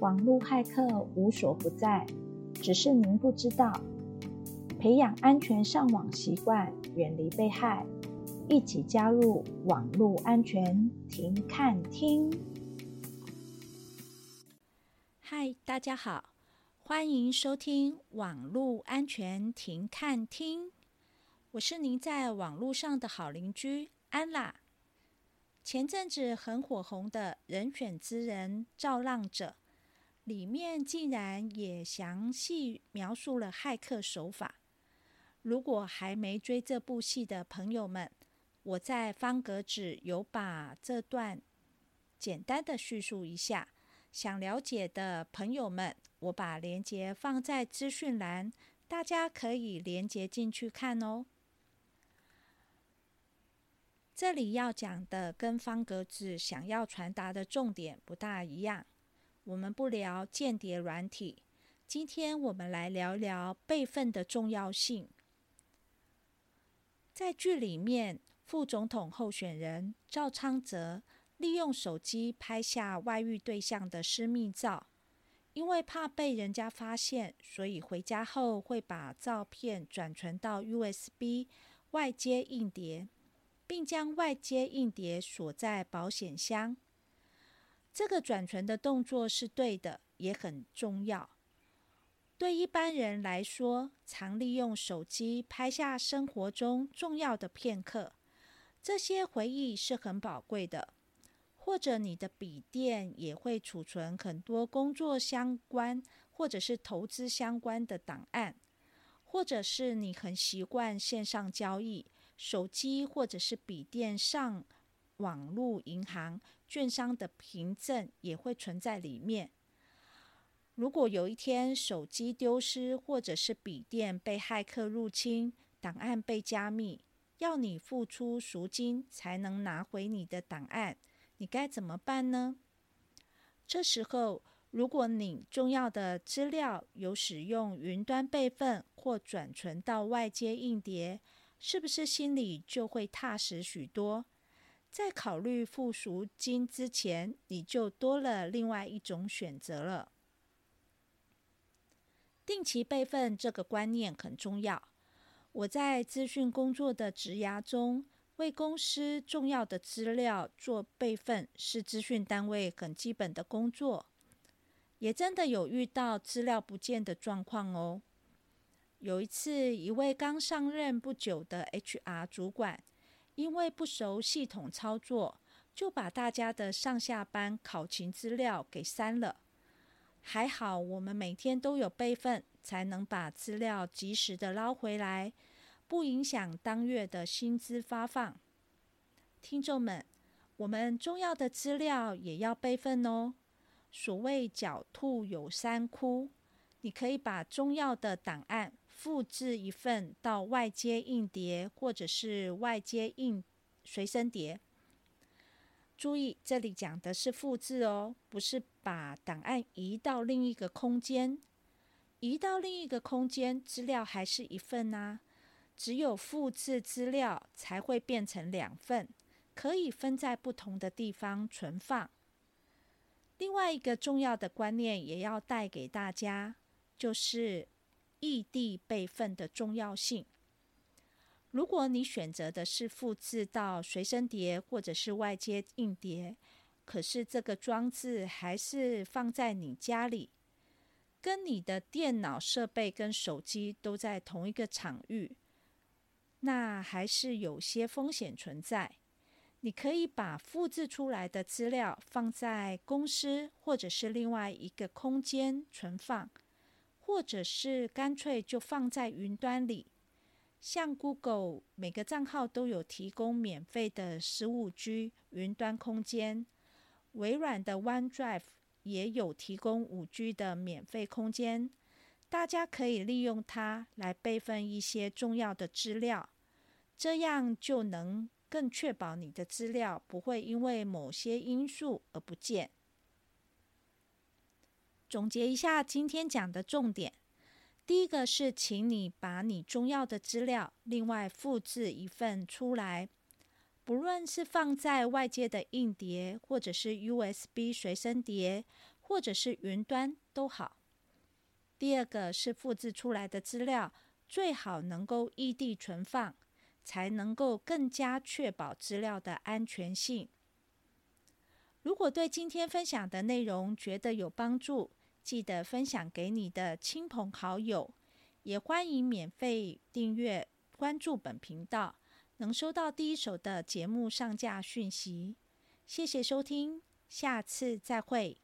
網絡駭客無所不在，只是您不知道。培養安全上網習慣，遠離被害，一起加入網絡安全停看廳。嗨，大家好，歡迎收聽網絡安全停看廳。我是您在網絡上的好鄰居安啦。前陣子很火紅的人選之人造浪者。裡面竟然也詳細描述了駭客手法。如果還沒追這部戲的朋友們，我在方格子有把這段簡單的敘述一下，想了解的朋友們，我把連接放在資訊欄，大家可以連接進去看哦。這裡要講的跟方格子想要傳達的重點不大一樣。我們不聊間諜軟體，今天我們來聊一聊備份的重要性。在劇裡面，副總統候選人趙昌澤利用手機拍下外遇對象的私密照，因為怕被人家發現，所以回家後會把照片轉存到 USB 外接硬碟，並將外接硬碟鎖在保險箱。這個轉存的動作是對的，也很重要。對一般人來說，常利用手機拍下生活中重要的片刻，這些回憶是很寶貴的。或者你的筆電也會儲存很多工作相關或者是投資相關的檔案，或者是你很習慣線上交易，手機或者是筆電上。網路銀行、券商的憑證也會存在裡面。如果有一天手機丟失，或者是筆電被駭客入侵，檔案被加密，要你付出贖金才能拿回你的檔案，你該怎麼辦呢？這時候，如果你重要的資料有使用雲端備份或轉存到外接硬碟，是不是心裡就會踏實許多？在考慮付贖金之前，你就多了另外一種選擇了。定期備份這個觀念很重要。我在資訊工作的職涯中，為公司重要的資料做備份，是資訊單位很基本的工作。也真的有遇到資料不見的狀況哦。有一次，一位剛上任不久的 HR 主管。因為不熟系統操作，就把大家的上下班考勤資料給刪了。還好我們每天都有備份，才能把資料及時地撈回來，不影響當月的薪資發放。聽眾們，我們重要的資料也要備份哦。所謂狡兔有三窟，你可以把重要的檔案。複製一份到外接硬碟，或者是外接硬隨身碟。注意，這裡講的是複製哦，不是把檔案移到另一個空間。移到另一個空間，資料還是一份吶、啊。只有複製資料才會變成兩份，可以分在不同的地方存放。另外一個重要的觀念也要帶給大家，就是。異地備份的重要性。如果你選擇的是複製到隨身碟或者是外接硬碟，可是這個裝置還是放在你家裡，跟你的電腦設備跟手機都在同一個場域，那還是有些風險存在。你可以把複製出來的資料放在公司或者是另外一個空間存放。或者是乾脆就放在雲端裡，像 Google 每個賬號都有提供免費的十五 G 雲端空間，微軟的 OneDrive 也有提供五 G 的免費空間，大家可以利用它來備份一些重要的資料，這樣就能更確保你的資料不會因為某些因素而不見。總結一下今天講的重點：第一個是，請你把你重要的資料另外複製一份出來，不論是放在外接的硬碟，或者是 USB 隨身碟，或者是雲端都好。第二個是，複製出來的資料最好能夠異地存放，才能夠更加確保資料的安全性。如果對今天分享的內容覺得有幫助，記得分享給你的親朋好友，也歡迎免費訂閱關注本頻道，能收到第一手的節目上架訊息。謝謝收聽，下次再會。